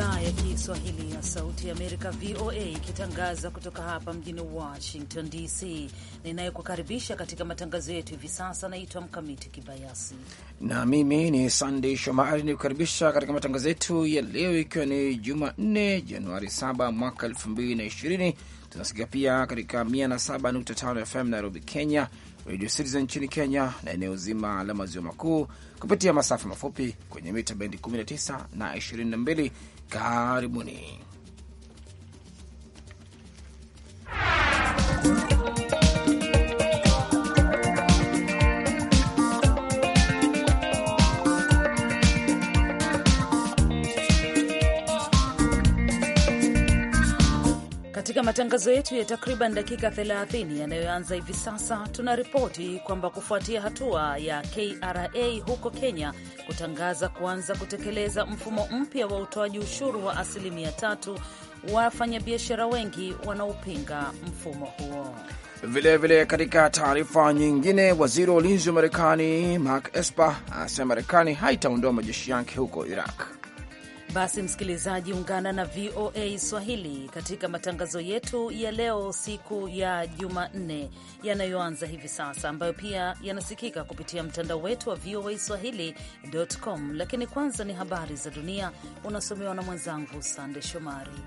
idhaa ya Kiswahili ya Sauti ya Amerika, VOA, ikitangaza kutoka hapa mjini Washington DC. Ninayekukaribisha katika matangazo yetu hivi sasa naitwa Mkamiti Kibayasi na mimi ni Sandey Shomari, ni kukaribisha katika matangazo yetu ya leo, ikiwa ni Jumanne Januari 7 mwaka 2020. Tunasikia pia katika 107.5 FM Nairobi, Kenya, Radio Citizen nchini Kenya na eneo zima la maziwa makuu kupitia masafa mafupi kwenye mita bendi 19 na 22 Karibuni. Katika matangazo yetu ya takriban dakika 30 yanayoanza hivi sasa, tuna ripoti kwamba kufuatia hatua ya KRA huko Kenya kutangaza kuanza kutekeleza mfumo mpya wa utoaji ushuru wa asilimia tatu, wafanyabiashara wengi wanaopinga mfumo huo. Vilevile vile, katika taarifa nyingine, waziri wa ulinzi wa Marekani Mark Esper anasema Marekani haitaondoa majeshi yake huko Iraq. Basi msikilizaji, ungana na VOA Swahili katika matangazo yetu ya leo, siku ya Jumanne yanayoanza hivi sasa, ambayo pia yanasikika kupitia mtandao wetu wa VOA Swahili.com. Lakini kwanza ni habari za dunia, unasomewa na mwenzangu Sande Shomari.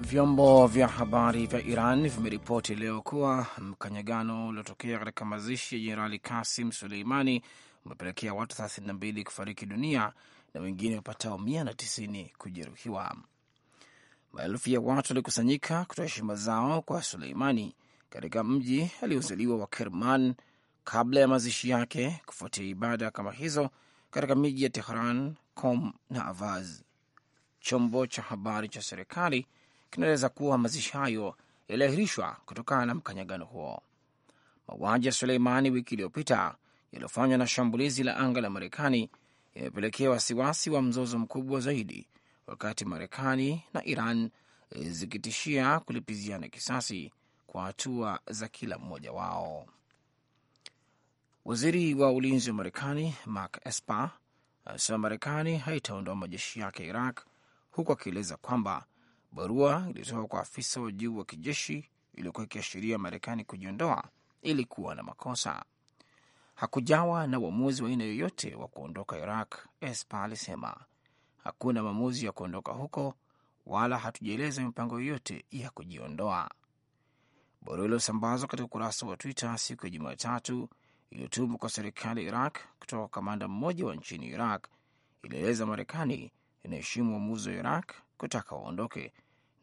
Vyombo vya habari vya Iran vimeripoti leo kuwa mkanyagano uliotokea katika mazishi ya Jenerali Kasim Suleimani umepelekea watu 32 kufariki dunia na wengine wapatao 190 kujeruhiwa. Maelfu ya watu walikusanyika kutoa heshima zao kwa Suleimani katika mji aliozaliwa wa Kerman kabla ya mazishi yake, kufuatia ibada kama hizo katika miji ya Tehran, Qom na Avaz. Chombo cha habari cha serikali kinaeleza kuwa mazishi hayo yaliahirishwa kutokana na mkanyagano huo. Mauaji ya Suleimani wiki iliyopita yaliyofanywa na shambulizi la anga la Marekani yamepelekea wasiwasi wa mzozo mkubwa zaidi, wakati Marekani na Iran zikitishia kulipiziana kisasi kwa hatua za kila mmoja wao. Waziri wa ulinzi wa Marekani Mark Esper anasema Marekani haitaondoa majeshi yake Iraq, huku akieleza kwamba Barua iliyotoka kwa afisa wa juu wa kijeshi iliyokuwa ikiashiria Marekani kujiondoa ilikuwa na makosa. Hakujawa na uamuzi wa aina yoyote wa kuondoka Iraq, Espa alisema. Hakuna maamuzi ya kuondoka huko, wala hatujaeleza mipango yoyote ya kujiondoa. Barua iliyosambazwa katika ukurasa wa Twitter siku ya Jumatatu iliyotumwa kwa serikali ya Iraq kutoka kamanda mmoja wa nchini Iraq ilieleza Marekani inaheshimu uamuzi wa Iraq kutaka waondoke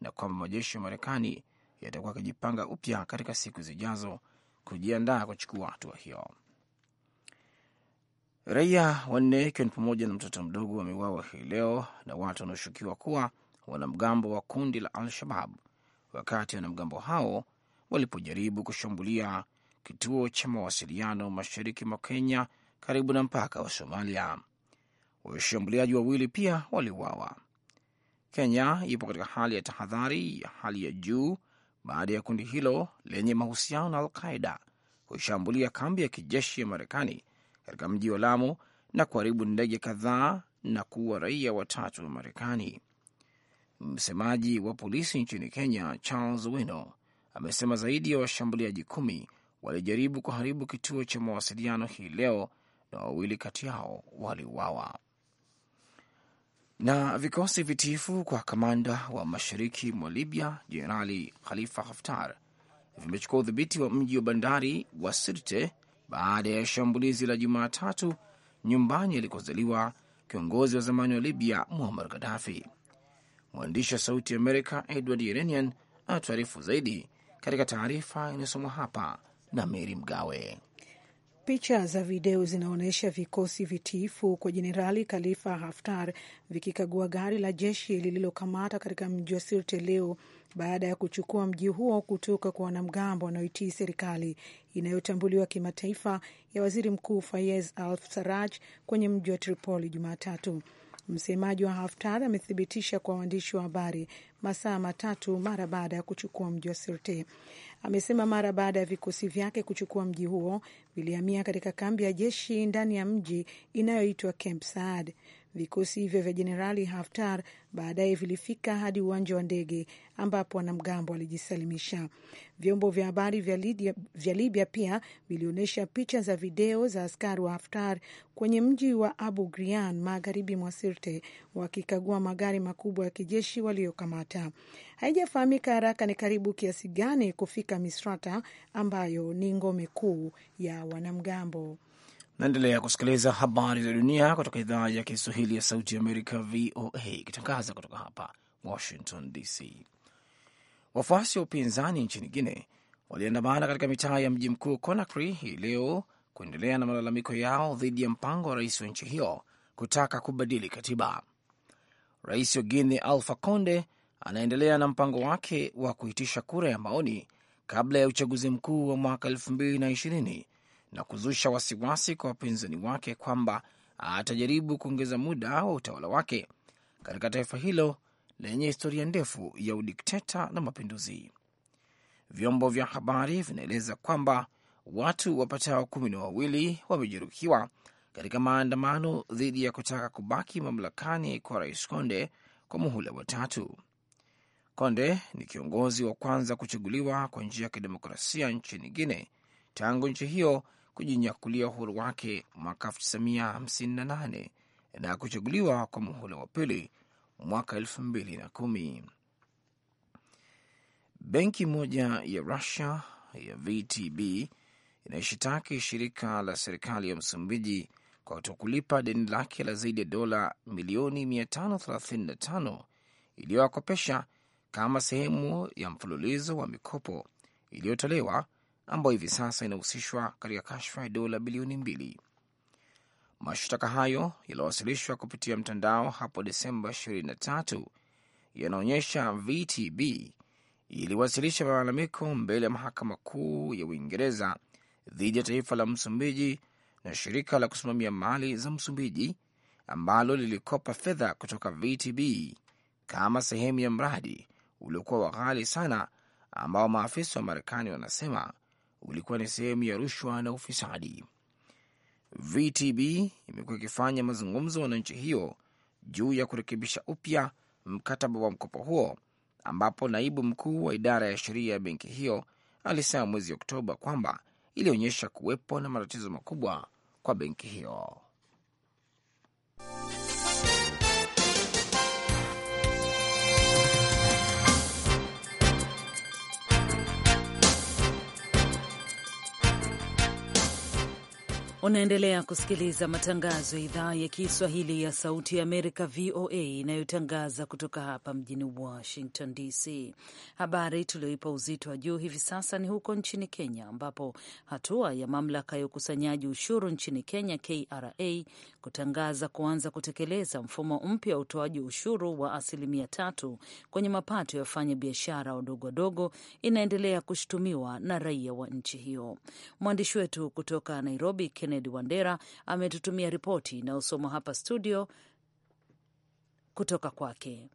na kwamba majeshi ya Marekani yatakuwa akijipanga upya katika siku zijazo kujiandaa kuchukua hatua hiyo. Raia wanne ikiwa ni pamoja na mtoto mdogo wameuawa hii leo na watu wanaoshukiwa kuwa wanamgambo wa kundi la Al-Shabab wakati wanamgambo hao walipojaribu kushambulia kituo cha mawasiliano mashariki mwa Kenya karibu na mpaka wa Somalia. Washambuliaji wawili pia waliuawa. Kenya ipo katika hali ya tahadhari ya hali ya juu baada ya kundi hilo lenye mahusiano na Alqaida kushambulia kambi ya kijeshi ya Marekani katika mji wa Lamu na kuharibu ndege kadhaa na kuua raia watatu wa Marekani. Msemaji wa polisi nchini Kenya, Charles Wino, amesema zaidi ya washambuliaji kumi walijaribu kuharibu kituo cha mawasiliano hii leo na wawili kati yao waliuawa. Na vikosi vitiifu kwa kamanda wa mashariki mwa Libya Jenerali Khalifa Haftar vimechukua udhibiti wa mji wa bandari wa Sirte baada ya shambulizi la Jumatatu nyumbani alikozaliwa kiongozi wa zamani wa Libya Muammar Gaddafi. Mwandishi wa Sauti ya Amerika Edward Yeranian anatuarifu zaidi katika taarifa inayosomwa hapa na Meri Mgawe. Picha za video zinaonyesha vikosi vitiifu kwa Jenerali Khalifa Haftar vikikagua gari la jeshi lililokamata katika mji wa Sirte leo baada ya kuchukua mji huo kutoka kwa wanamgambo wanaoitii serikali inayotambuliwa kimataifa ya waziri mkuu Fayez al saraj kwenye mji wa Tripoli Jumatatu. Msemaji wa Haftar amethibitisha kwa waandishi wa habari masaa matatu mara baada ya kuchukua mji wa Sirte. Amesema mara baada ya vikosi vyake kuchukua mji huo vilihamia katika kambi ya jeshi ndani ya mji inayoitwa Camp Saad. Vikosi hivyo vya Jenerali Haftar baadaye vilifika hadi uwanja wa ndege ambapo wanamgambo walijisalimisha. Vyombo vya habari vya Libya, vya Libya pia vilionyesha picha za video za askari wa Haftar kwenye mji wa Abu Grian magharibi mwa Sirte wakikagua magari makubwa ya kijeshi waliokamata. Haijafahamika haraka ni karibu kiasi gani kufika Misrata ambayo ni ngome kuu ya wanamgambo. Naendelea kusikiliza habari za dunia kutoka idhaa ya Kiswahili ya Sauti ya Amerika, VOA, ikitangaza kutoka hapa Washington DC. Wafuasi wa upinzani nchini Guine waliandamana katika mitaa ya mji mkuu Conakry hii leo kuendelea na malalamiko yao dhidi ya mpango wa rais wa nchi hiyo kutaka kubadili katiba. Rais wa Guine alfa Conde anaendelea na mpango wake wa kuitisha kura ya maoni kabla ya uchaguzi mkuu wa mwaka elfu mbili na ishirini na kuzusha wasiwasi kwa wapinzani wake kwamba atajaribu kuongeza muda wa utawala wake katika taifa hilo lenye historia ndefu ya udikteta na mapinduzi. Vyombo vya habari vinaeleza kwamba watu wapatao kumi na wawili wamejeruhiwa katika maandamano dhidi ya kutaka kubaki mamlakani kwa rais Konde kwa muhula wa tatu. Konde ni kiongozi wa kwanza kuchaguliwa kwa njia ya kidemokrasia nchini Guine tangu nchi hiyo kujinyakulia uhuru wake mwaka 1958 na kuchaguliwa kwa muhula wa pili mwaka 2010. Benki moja ya Russia ya VTB inayoshitaki shirika la serikali ya Msumbiji kwa kutokulipa deni lake la zaidi ya dola milioni 535 iliyowakopesha kama sehemu ya mfululizo wa mikopo iliyotolewa ambayo hivi sasa inahusishwa katika kashfa ya dola bilioni mbili. Mashtaka hayo yaliyowasilishwa kupitia mtandao hapo Desemba 23 yanaonyesha VTB iliwasilisha malalamiko mbele ya mahakama kuu ya Uingereza dhidi ya taifa la Msumbiji na shirika la kusimamia mali za Msumbiji ambalo lilikopa fedha kutoka VTB kama sehemu ya mradi uliokuwa wa ghali sana ambao maafisa wa Marekani wanasema ulikuwa ni sehemu ya rushwa na ufisadi. VTB imekuwa ikifanya mazungumzo na nchi hiyo juu ya kurekebisha upya mkataba wa mkopo huo, ambapo naibu mkuu wa idara ya sheria ya benki hiyo alisema mwezi Oktoba kwamba ilionyesha kuwepo na matatizo makubwa kwa benki hiyo. Unaendelea kusikiliza matangazo ya idhaa ya Kiswahili ya Sauti ya Amerika, VOA, inayotangaza kutoka hapa mjini Washington DC. Habari tulioipa uzito wa juu hivi sasa ni huko nchini Kenya, ambapo hatua ya mamlaka ya ukusanyaji ushuru nchini Kenya, KRA, kutangaza kuanza kutekeleza mfumo mpya wa utoaji ushuru wa asilimia tatu kwenye mapato ya biashara wadogo wadogo inaendelea kushutumiwa na raia wa nchi hiyo. Mwandishi wetu kutoka Nairobi, Kennedy Kennedy Wandera ametutumia ripoti inayosomwa hapa studio kutoka kwake.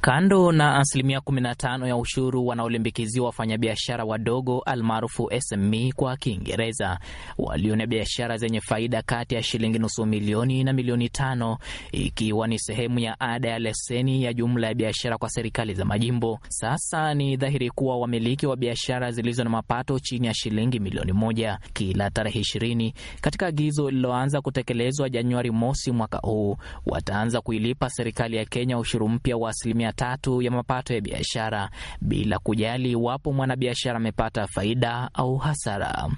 Kando na asilimia 15 ya ushuru wanaolimbikiziwa wafanyabiashara wadogo almaarufu SME kwa Kiingereza, walio na biashara zenye faida kati ya shilingi nusu milioni na milioni tano, ikiwa ni sehemu ya ada ya leseni ya jumla ya biashara kwa serikali za majimbo. Sasa ni dhahiri kuwa wamiliki wa biashara zilizo na mapato chini ya shilingi milioni moja kila tarehe ishirini katika agizo lililoanza kutekelezwa Januari mosi mwaka huu wataanza kuilipa serikali ya Kenya ushuru mpya wa asilimia asilimia tatu ya mapato ya biashara bila kujali iwapo mwanabiashara amepata faida au hasara.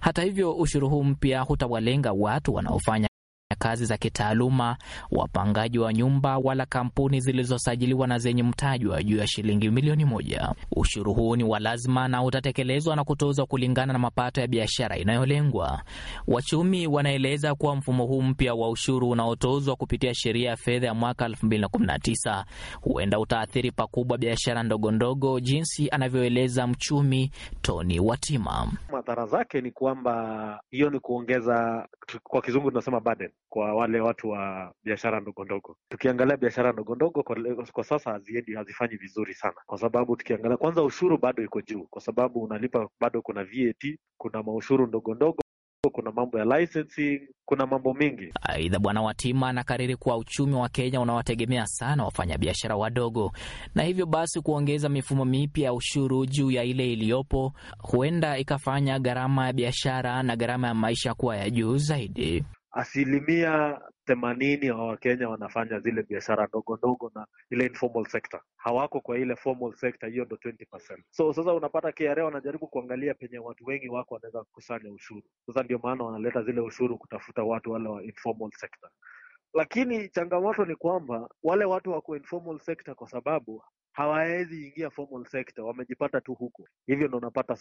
Hata hivyo, ushuru huu mpya hutawalenga watu wanaofanya kazi za kitaaluma, wapangaji wa nyumba wala kampuni zilizosajiliwa na zenye mtajwa juu ya shilingi milioni moja. Ushuru huu ni wa lazima na utatekelezwa na kutozwa kulingana na mapato ya biashara inayolengwa. Wachumi wanaeleza kuwa mfumo huu mpya wa ushuru unaotozwa kupitia sheria ya fedha ya mwaka 2019 huenda utaathiri pakubwa biashara ndogondogo, jinsi anavyoeleza mchumi Tony Watima. Madhara zake ni kwamba hiyo ni kuongeza, kwa kizungu tunasema burden kwa wale watu wa biashara ndogo ndogo. Tukiangalia biashara ndogo ndogo kwa, kwa sasa haziendi, hazifanyi vizuri sana, kwa sababu tukiangalia kwanza, ushuru bado iko juu, kwa sababu unalipa bado, kuna VAT, kuna maushuru ndogo ndogo kuna mambo ya licensing, kuna mambo mengi. Aidha, Bwana Watima anakariri kuwa uchumi wa Kenya unawategemea sana wafanyabiashara wadogo, na hivyo basi kuongeza mifumo mipya ya ushuru juu ya ile iliyopo huenda ikafanya gharama ya biashara na gharama ya maisha kuwa ya juu zaidi asilimia themanini wa Wakenya wanafanya zile biashara ndogo ndogo na ile informal sector, hawako kwa ile formal sector, hiyo ndo 20%. So sasa unapata KRA wanajaribu kuangalia penye watu wengi wako wanaweza kukusanya ushuru. Sasa ndio maana wanaleta zile ushuru kutafuta watu wale wa informal sector, lakini changamoto ni kwamba wale watu wako informal sector kwa sababu hawawezi ingia formal sector, wamejipata tu huko, hivyo ndo unapata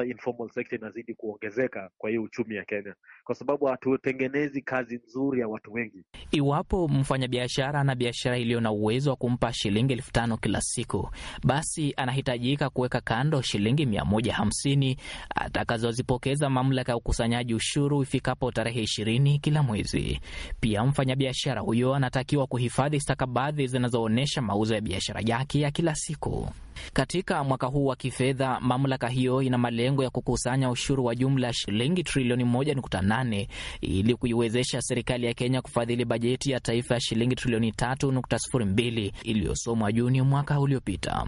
informal sector inazidi kuongezeka kwa hiyo uchumi ya Kenya, kwa sababu hatutengenezi kazi nzuri ya watu wengi. Iwapo mfanyabiashara ana biashara iliyo na uwezo wa kumpa shilingi elfu tano kila siku, basi anahitajika kuweka kando shilingi mia moja hamsini atakazozipokeza mamlaka ya ukusanyaji ushuru ifikapo tarehe ishirini kila mwezi. Pia mfanyabiashara huyo anatakiwa kuhifadhi stakabadhi zinazoonyesha mauzo ya biashara yake ya kila siku. Katika mwaka huu wa kifedha, mamlaka hiyo ina malengo ya kukusanya ushuru wa jumla shilingi trilioni 1.8 ili kuiwezesha serikali ya Kenya kufadhili bajeti ya taifa ya shilingi trilioni 3.02 iliyosomwa Juni mwaka uliopita.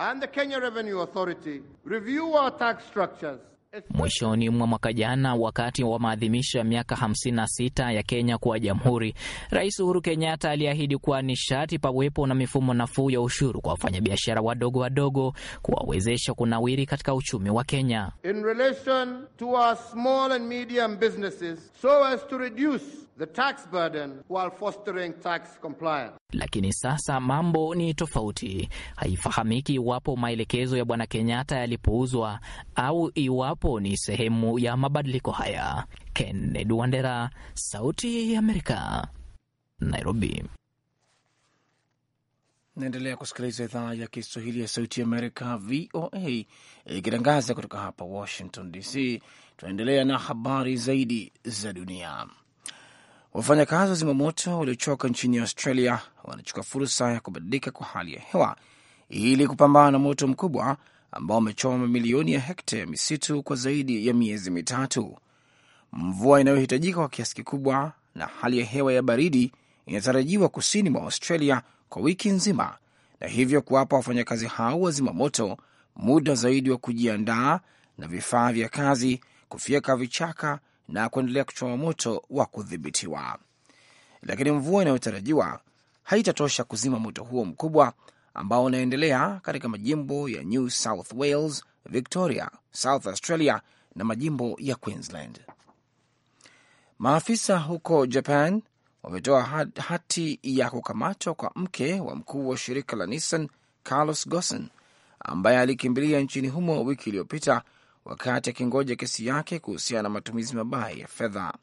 And the Kenya Revenue Authority review our tax structures Mwishoni mwa mwaka jana, wakati wa maadhimisho ya miaka 56 ya Kenya kuwa jamhuri, Rais Uhuru Kenyatta aliahidi kuwa nishati pawepo na mifumo nafuu ya ushuru kwa wafanyabiashara wadogo wadogo, kuwawezesha kunawiri katika uchumi wa Kenya. In relation to our small and medium businesses, so as to reduce the tax burden while fostering tax compliance. Lakini sasa mambo ni tofauti. Haifahamiki iwapo maelekezo ya Bwana Kenyatta yalipuuzwa au iwapo ni sehemu ya mabadiliko haya. Kennedy Wandera, Sauti ya Amerika, Nairobi. Naendelea kusikiliza idhaa ya Kiswahili ya Sauti ya Amerika, VOA, ikitangaza kutoka hapa Washington DC. Tunaendelea na habari zaidi za dunia. Wafanyakazi wa zimamoto waliochoka nchini Australia wanachukua fursa ya kubadilika kwa hali ya hewa ili kupambana na moto mkubwa ambao wamechoma mamilioni ya hekta ya misitu kwa zaidi ya miezi mitatu. Mvua inayohitajika kwa kiasi kikubwa na hali ya hewa ya baridi inatarajiwa kusini mwa Australia kwa wiki nzima, na hivyo kuwapa wafanyakazi hao wa zimamoto muda zaidi wa kujiandaa na vifaa vya kazi, kufyeka vichaka na kuendelea kuchoma moto wa kudhibitiwa, lakini mvua inayotarajiwa haitatosha kuzima moto huo mkubwa ambao unaendelea katika majimbo ya New South Wales, Victoria, South Australia na majimbo ya Queensland. Maafisa huko Japan wametoa hati ya kukamatwa kwa mke wa mkuu wa shirika la Nissan Carlos Ghosn ambaye alikimbilia nchini humo wiki iliyopita wakati akingoja kesi yake kuhusiana na matumizi mabaya ya fedha.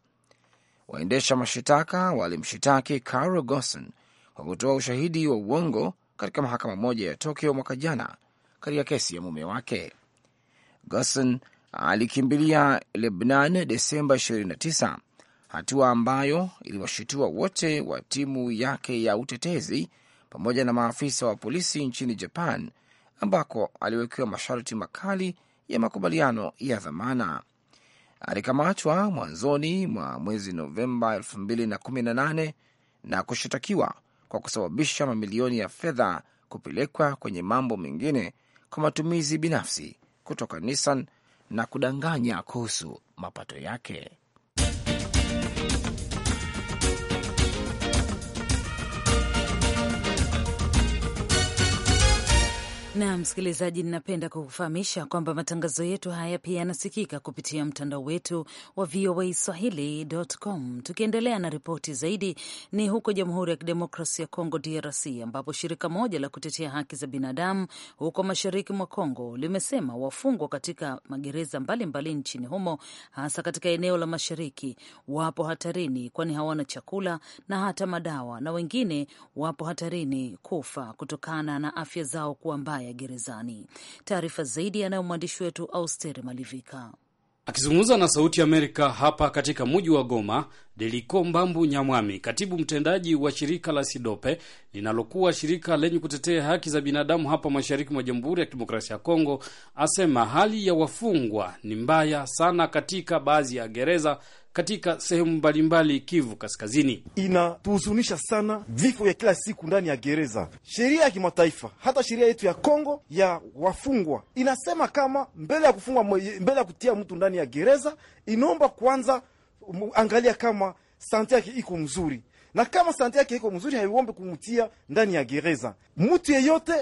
Waendesha mashitaka walimshitaki Caro gosson kwa kutoa ushahidi wa uongo katika mahakama moja ya Tokyo mwaka jana katika kesi ya mume wake. gosson alikimbilia Lebnan Desemba 29, hatua ambayo iliwashitua wote wa timu yake ya utetezi pamoja na maafisa wa polisi nchini Japan, ambako aliwekewa masharti makali ya makubaliano ya dhamana. Alikamatwa mwanzoni mwa mwezi Novemba 2018 na kushitakiwa kwa kusababisha mamilioni ya fedha kupelekwa kwenye mambo mengine kwa matumizi binafsi kutoka Nissan na kudanganya kuhusu mapato yake. na msikilizaji, ninapenda kukufahamisha kwamba matangazo yetu haya pia yanasikika kupitia mtandao wetu wa VOA Swahili.com. Tukiendelea na ripoti zaidi, ni huko Jamhuri ya Kidemokrasi ya Kongo, DRC, ambapo shirika moja la kutetea haki za binadamu huko mashariki mwa Kongo limesema wafungwa katika magereza mbalimbali mbali nchini humo, hasa katika eneo la mashariki, wapo hatarini, kwani hawana chakula na hata madawa, na wengine wapo hatarini kufa kutokana na afya zao kuwa mbaya ya gerezani. Taarifa zaidi yanayo mwandishi wetu Austeri Malivika. Akizungumza na Sauti Amerika hapa katika mji wa Goma, Deliko Mbambu Nyamwami, katibu mtendaji wa shirika la Sidope linalokuwa shirika lenye kutetea haki za binadamu hapa mashariki mwa Jamhuri ya Kidemokrasia ya Kongo, asema hali ya wafungwa ni mbaya sana katika baadhi ya gereza katika sehemu mbalimbali Kivu Kaskazini. Inatuhuzunisha sana vifo vya kila siku ndani ya gereza. Sheria ya kimataifa, hata sheria yetu ya Kongo ya wafungwa inasema kama mbele ya kufungwa, mbele ya kutia mtu ndani ya gereza, inaomba kwanza angalia kama sante yake iko mzuri na kama sante yake iko mzuri, haiombe kumtia ndani ya gereza. Mtu yeyote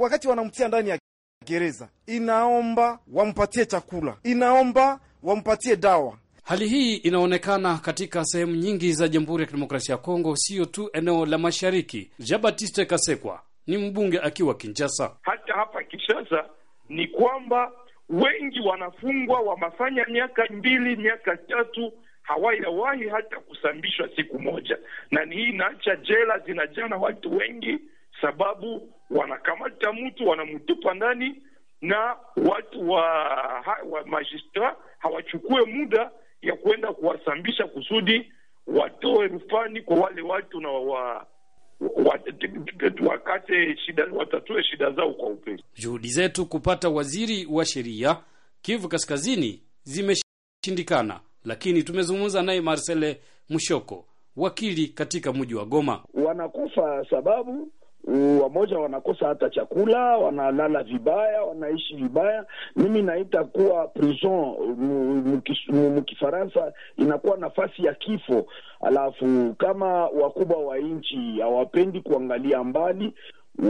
wakati wanamtia ndani ya gereza, inaomba wampatie chakula, inaomba wampatie dawa Hali hii inaonekana katika sehemu nyingi za Jamhuri ya Kidemokrasia ya Kongo, sio tu eneo la mashariki. Jean-Baptiste Kasekwa ni mbunge akiwa Kinshasa. Hata hapa Kinshasa ni kwamba wengi wanafungwa, wamefanya miaka mbili, miaka tatu, hawayawahi hata kusambishwa siku moja, na ni hii inaacha jela zinajana watu wengi, sababu wanakamata mtu wanamtupa ndani, na watu wa, wa magistrat hawachukue muda ya kwenda kuwasambisha kusudi watoe rufani kwa wale watu na wa wakate shida, watatue shida zao kwa upesi. Juhudi zetu kupata waziri wa sheria Kivu Kaskazini zimeshindikana, lakini tumezungumza naye Marcele Mushoko, wakili katika mji wa Goma. Wanakufa sababu wamoja wanakosa hata chakula, wanalala vibaya, wanaishi vibaya. Mimi naita kuwa prison mkifaransa inakuwa nafasi ya kifo. Alafu kama wakubwa wa nchi hawapendi kuangalia mbali,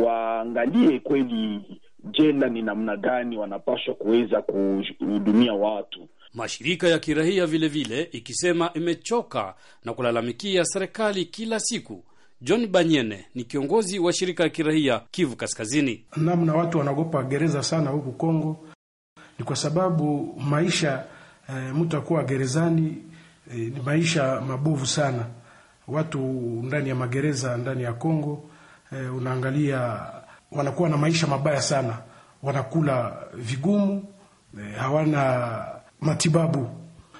waangalie kweli jela ni namna gani wanapaswa kuweza kuhudumia watu. Mashirika ya kirahia vilevile ikisema imechoka na kulalamikia serikali kila siku John Banyene ni kiongozi wa shirika la kirahia Kivu Kaskazini. Namna watu wanaogopa gereza sana huku Kongo ni kwa sababu maisha e, eh, mtu akuwa gerezani e, ni maisha mabovu sana. Watu ndani ya magereza ndani ya Kongo e, unaangalia wanakuwa na maisha mabaya sana, wanakula vigumu e, hawana matibabu.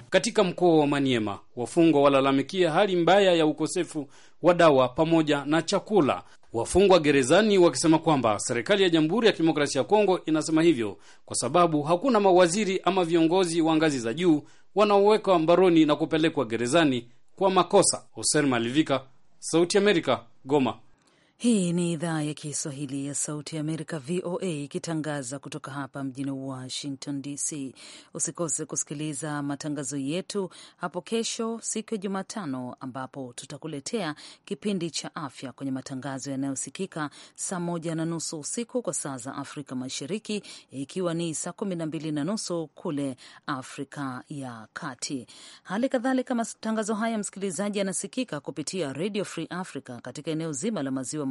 Katika mkoa wa Maniema wafungwa walalamikia hali mbaya ya ukosefu wa dawa pamoja na chakula. Wafungwa gerezani wakisema kwamba serikali ya Jamhuri ya Kidemokrasia ya Kongo inasema hivyo kwa sababu hakuna mawaziri ama viongozi wa ngazi za juu wanaowekwa mbaroni na kupelekwa gerezani kwa makosa. Hoser Malivika, Sauti Amerika, Goma. Hii ni idhaa ya Kiswahili ya Sauti ya Amerika, VOA, ikitangaza kutoka hapa mjini Washington DC. Usikose kusikiliza matangazo yetu hapo kesho, siku ya Jumatano, ambapo tutakuletea kipindi cha afya kwenye matangazo yanayosikika saa moja na nusu usiku kwa saa za Afrika Mashariki, ikiwa ni saa kumi na mbili na nusu kule Afrika ya Kati. Hali kadhalika, matangazo haya msikilizaji, yanasikika kupitia Radio Free Africa katika eneo zima la maziwa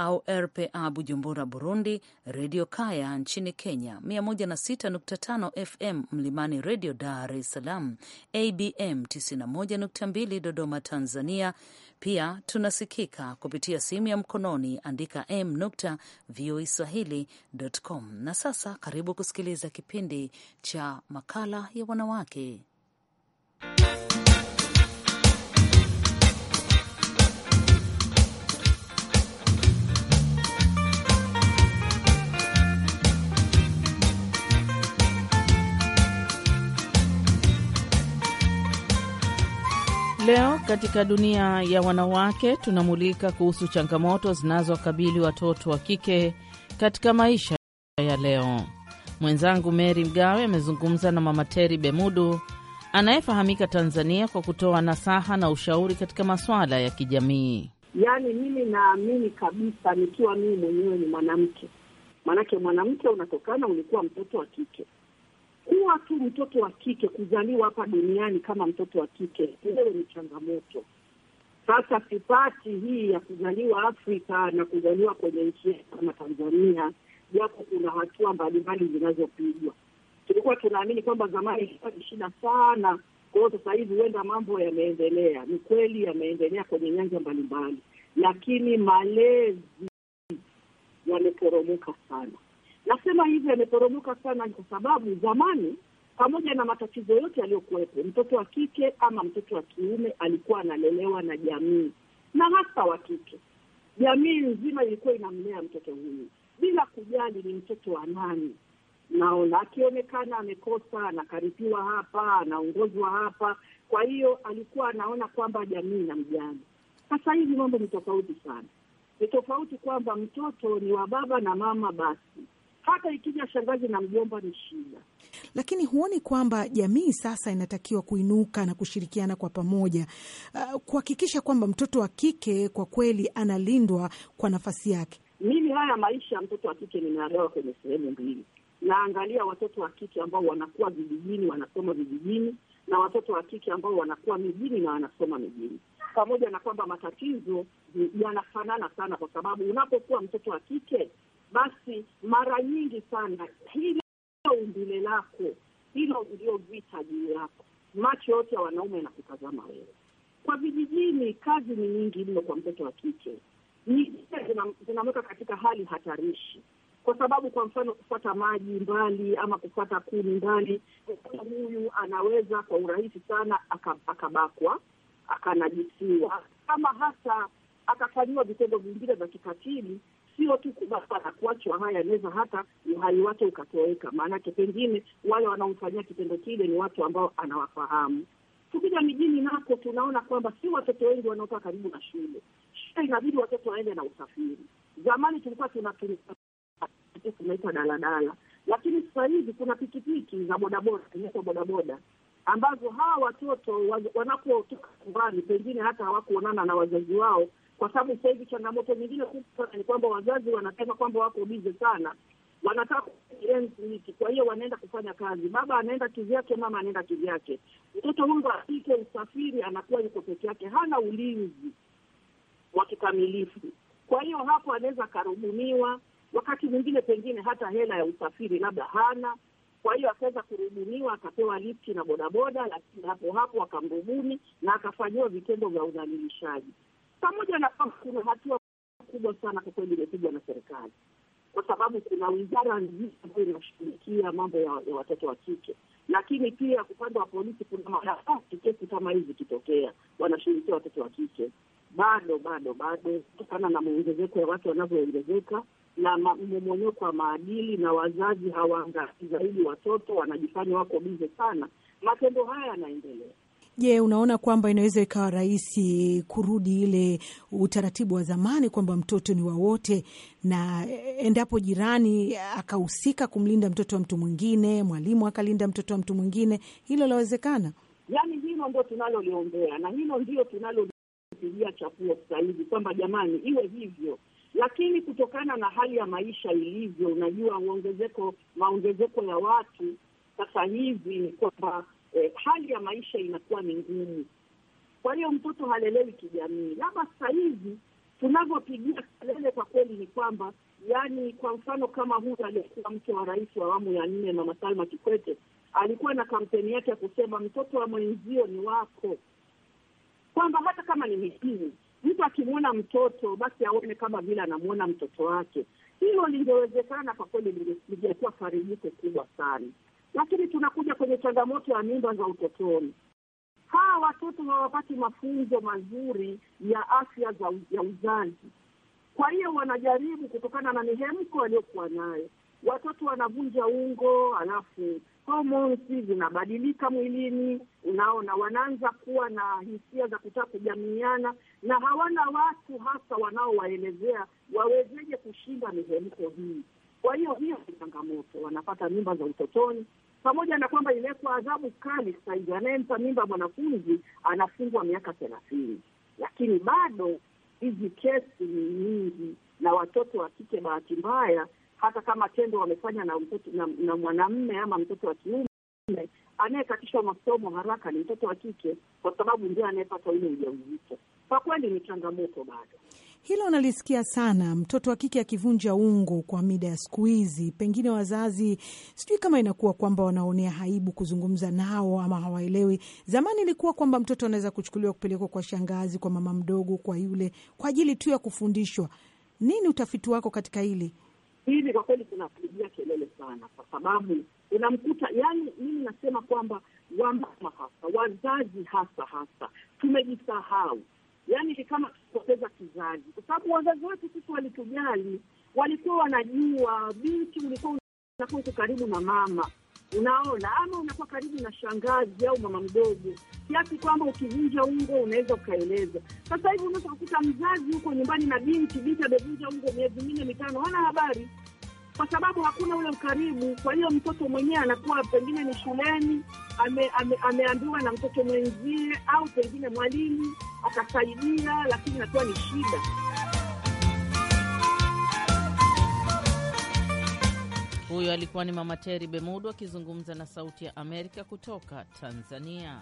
au RPA Bujumbura, Burundi, Redio Kaya nchini Kenya, 106.5 FM Mlimani Redio Dar es Salaam, ABM 91.2 Dodoma, Tanzania. Pia tunasikika kupitia simu ya mkononi, andika voa swahilicom Na sasa karibu kusikiliza kipindi cha makala ya wanawake leo katika dunia ya wanawake tunamulika kuhusu changamoto zinazowakabili watoto wa kike katika maisha ya leo. Mwenzangu Meri Mgawe amezungumza na Mama Teri Bemudu anayefahamika Tanzania kwa kutoa nasaha na ushauri katika masuala ya kijamii. Yaani, mimi naamini kabisa, nikiwa mimi mwenyewe ni mwanamke, maanake mwanamke unatokana, ulikuwa mtoto wa kike kuwa tu mtoto wa kike kuzaliwa hapa duniani kama mtoto wa kike ndio ni changamoto. Sasa sipati hii ya kuzaliwa Afrika na kuzaliwa kwenye nchi kama Tanzania, japo kuna hatua mbalimbali zinazopigwa. Tulikuwa tunaamini kwamba zamani ilikuwa ni shida sana, kwa hiyo sasa hivi huenda mambo yameendelea. Ni kweli yameendelea kwenye nyanja mbalimbali, lakini malezi yameporomoka sana. Nasema hivi yameporomoka sana, kwa sababu zamani, pamoja na matatizo yote yaliyokuwepo, mtoto wa kike ama mtoto wa kiume alikuwa analelewa na jamii, na hasa wa kike. Jamii nzima ilikuwa inamlea mtoto huyu bila kujali ni mtoto wa nani. Naona akionekana amekosa, anakaripiwa hapa, anaongozwa hapa. Kwa hiyo alikuwa anaona kwamba jamii inamjali. Sasa hivi mambo ni tofauti sana, ni tofauti kwamba mtoto ni wa baba na mama basi hata ikija shangazi na mjomba ni shida. Lakini huoni kwamba jamii sasa inatakiwa kuinuka na kushirikiana kwa pamoja uh, kuhakikisha kwamba mtoto wa kike kwa kweli analindwa kwa nafasi yake? Mimi haya maisha ya mtoto wa kike nimeagawa kwenye sehemu mbili. Naangalia watoto wa kike ambao wanakuwa vijijini, wanasoma vijijini, na watoto wa kike ambao wanakuwa mijini na wanasoma mijini, pamoja na kwamba matatizo yanafanana sana, kwa sababu unapokuwa mtoto wa kike basi mara nyingi sana hilo umbile lako hilo ndio vita juu yako, macho yote ya wanaume yanakutazama wewe. Kwa vijijini kazi ni nyingi mno kwa mtoto wa kike, zinamweka katika hali hatarishi, kwa sababu kwa mfano kufata maji mbali ama kufata kuni mbali, huyu anaweza kwa urahisi sana akabakwa, akanajisiwa, ama hata akafanyiwa vitendo vingine vya kikatili sio tu kubaka na kuachwa. Haya yanaweza hata uhai wake ukatoweka, maanake pengine wale wanaomfanyia kitendo kile ni watu ambao anawafahamu. Tukija mijini nako tunaona kwamba si watoto wengi wanaotoka karibu na shule. Shule inabidi watoto waende na usafiri. Zamani tulikuwa tunatumia tunaita daladala, lakini sasa hivi kuna pikipiki za bodaboda, zinaitwa bodaboda ambazo hawa watoto wanapotoka nyumbani, pengine hata hawakuonana na wazazi wao, kwa sababu sasa hivi changamoto nyingine kubwa ni kwamba wazazi wanasema kwamba wako bize sana, wanataka wiki, kwa hiyo wanaenda kufanya kazi, baba anaenda kivyake, mama anaenda kivyake. Mtoto huyu apike usafiri, anakuwa yuko peke yake, hana ulinzi wa kikamilifu. Kwa hiyo hapo anaweza akarubuniwa wakati mwingine pengine hata hela ya usafiri labda hana kwa hiyo akaweza kurubuniwa akapewa lifti na bodaboda, lakini hapo hapo akamrubuni na akafanyiwa vitendo vya udhalilishaji pamoja na kwamba kuna hatua kubwa sana kwa kweli imepigwa na serikali, kwa sababu kuna wizara nzima ambayo inashughulikia mambo ya, ya watoto wa kike, lakini pia upande wa polisi kuna manafasi kesi kama hizi zikitokea, wanashughulikia watoto wa kike bado bado bado, kutokana na maongezeko ya watu wanavyoongezeka na mmomonyoko wa maadili na wazazi hawaangalii zaidi watoto, wanajifanya wako bize sana, matendo haya yanaendelea. Je, unaona kwamba inaweza ikawa rahisi kurudi ile utaratibu wa zamani kwamba mtoto ni wa wote, na endapo jirani akahusika kumlinda mtoto wa mtu mwingine, mwalimu akalinda mtoto wa mtu mwingine, hilo lawezekana? yani hilo ndio tunaloliombea na hilo ndio tunalopigia chapuo sasa hivi kwamba jamani, iwe hivyo lakini kutokana na hali ya maisha ilivyo, unajua, uongezeko maongezeko ya watu sasa hivi ni kwamba eh, hali ya maisha inakuwa ni ngumu. Kwa hiyo mtoto halelewi kijamii. Labda sasa hivi tunavyopigia kelele kwa kweli ni kwamba yani kwa mfano kama huyu aliyekuwa mke wa rais wa awamu ya nne Mama Salma Kikwete alikuwa na kampeni yake ya kusema mtoto wa mwenzio ni wako, kwamba hata kama ni mjini mtu akimwona mtoto basi aone kama vile anamwona mtoto wake. Hilo lingewezekana kwa kweli, lingekuwa farijiko kubwa sana. Lakini tunakuja kwenye changamoto ya mimba za utotoni. Hawa watoto hawapati mafunzo mazuri ya afya za ya uzazi, kwa hiyo wanajaribu kutokana na mihemko waliokuwa nayo. Watoto wanavunja ungo, alafu homoni zinabadilika mwilini, unaona, wanaanza kuwa na hisia za kutaka kujamiiana, na hawana watu hasa wanaowaelezea wawezeje kushinda mihemko hii. Kwa hiyo hiyo ni changamoto, wanapata mimba za utotoni pamoja na kwamba imewekwa adhabu kali sasa anayempa mimba mwanafunzi anafungwa miaka thelathini, lakini bado hizi kesi ni nyingi, na watoto wa kike, bahati mbaya, hata kama tendo wamefanya na mtoto, na, na mwanamme ama mtoto wa kiume, anayekatishwa masomo haraka ni mtoto wa kike, kwa sababu ndio anayepata ule ujauzito. Kwa kweli ni changamoto bado. Hilo nalisikia sana, mtoto wa kike akivunja ungo kwa mida ya siku hizi. Pengine wazazi, sijui kama inakuwa kwamba wanaonea haibu kuzungumza nao ama hawaelewi. Zamani ilikuwa kwamba mtoto anaweza kuchukuliwa kupelekwa kwa shangazi, kwa mama mdogo, kwa yule, kwa ajili tu ya kufundishwa. Nini utafiti wako katika hili? Hili kwa kweli tunapigia kelele sana, kwa sababu unamkuta, yani mimi nasema kwamba wamama hasa, wazazi hasa hasa, tumejisahau yani ni kama kupoteza kizazi, kwa sababu wazazi wetu sisi walitujali, walikuwa wanajua binti ulikuwa unakuwa uko karibu na mama, unaona, ama unakuwa karibu na shangazi au mama mdogo, kiasi kwamba ukivunja ungo unaweza ukaeleza. Sasa hivi unaweza kukuta mzazi huko nyumbani na binti, binti amevunja ungo miezi minne mitano, hana habari kwa sababu hakuna ule ukaribu. Kwa hiyo mtoto mwenyewe anakuwa pengine ni shuleni ame, ame, ameambiwa na mtoto mwenzie au pengine mwalimu akasaidia, lakini inakuwa ni shida. Huyo alikuwa ni Mama Teri Bemudu akizungumza na Sauti ya Amerika kutoka Tanzania.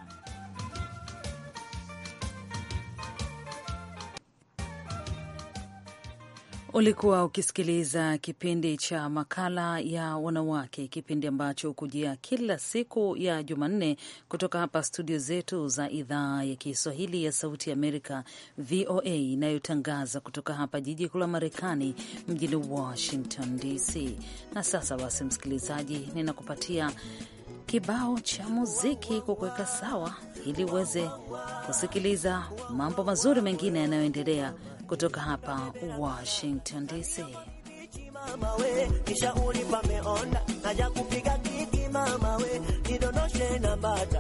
Ulikuwa ukisikiliza kipindi cha makala ya wanawake, kipindi ambacho hukujia kila siku ya Jumanne kutoka hapa studio zetu za idhaa ya Kiswahili ya Sauti ya Amerika, VOA, inayotangaza kutoka hapa jiji kuu la Marekani, mjini Washington DC. Na sasa basi, msikilizaji, ninakupatia kibao cha muziki kukuweka sawa, ili uweze kusikiliza mambo mazuri mengine yanayoendelea kutoka hapa Washington DC. Mama we kishauri pameona naja kupiga kiki mama we nidondoshe na mbata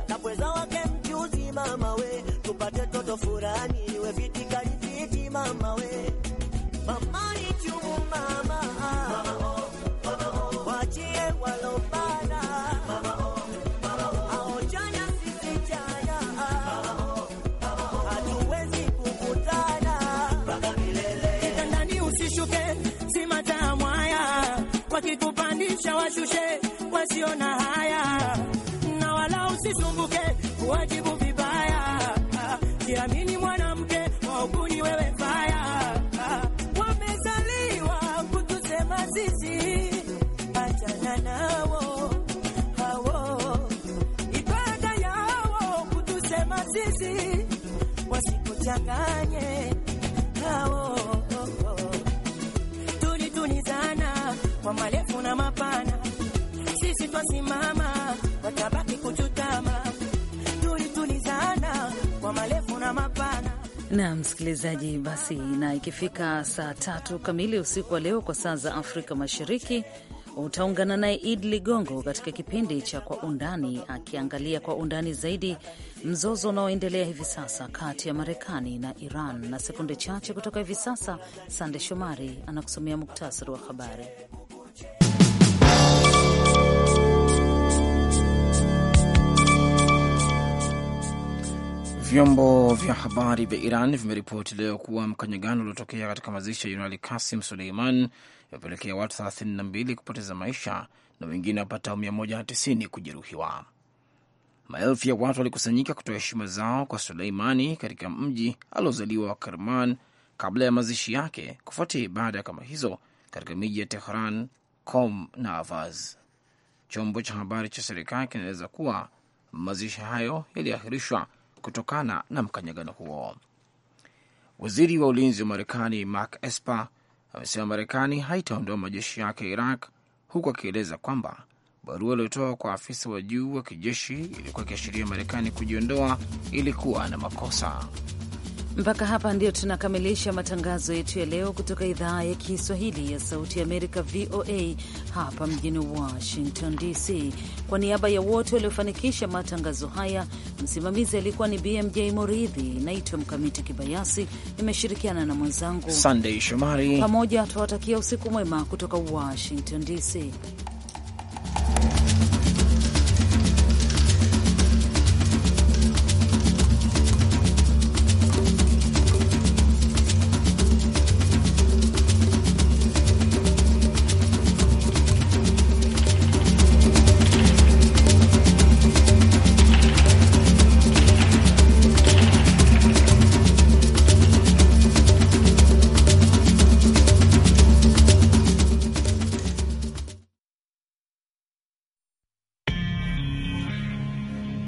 wake mchuzi mama we tupate toto furani we mama we mama washushe wasiona haya, na wala usisumbuke wajibu vibaya. Kiamini mwanamke waubuni wewe mbaya, wamezaliwa kutusema sisi, achana nao hao, ibada yao kutusema sisi, wasikuchanganye hao, tunituni sana kwa marefu na mapana nam watabaki kuchutama, tulitulizana kwa marefu na mapana na msikilizaji, basi na ikifika saa tatu kamili usiku wa leo kwa saa za Afrika Mashariki utaungana naye Id Ligongo katika kipindi cha Kwa Undani, akiangalia kwa undani zaidi mzozo unaoendelea hivi sasa kati ya Marekani na Iran. Na sekunde chache kutoka hivi sasa, Sande Shomari anakusomea muktasari wa habari. Vyombo vya habari vya Iran vimeripoti leo kuwa mkanyagano uliotokea katika mazishi ya Jenerali Kasim Suleiman yapelekea watu 32 kupoteza maisha na wengine wapatao 190 kujeruhiwa. Maelfu ya watu walikusanyika kutoa heshima zao kwa Suleimani katika mji aliozaliwa wa Kerman kabla ya mazishi yake kufuatia ibada kama hizo katika miji ya Tehran, Kom na Avaz. Chombo cha habari cha serikali kinaeleza kuwa mazishi hayo yaliahirishwa kutokana na mkanyagano huo. Waziri wa ulinzi wa Marekani Mark Esper amesema Marekani haitaondoa majeshi yake Iraq, huku akieleza kwamba barua iliyotoka kwa afisa wa juu wa kijeshi iliyokuwa ikiashiria Marekani kujiondoa ilikuwa na makosa. Mpaka hapa ndio tunakamilisha matangazo yetu ya leo kutoka idhaa ya Kiswahili ya Sauti ya Amerika, VOA, hapa mjini Washington DC. Kwa niaba ya wote waliofanikisha matangazo haya, msimamizi alikuwa ni BMJ Moridhi. Naitwa Mkamiti Kibayasi, nimeshirikiana na mwenzangu Sandei Shomari. Pamoja tuwatakia usiku mwema kutoka Washington DC.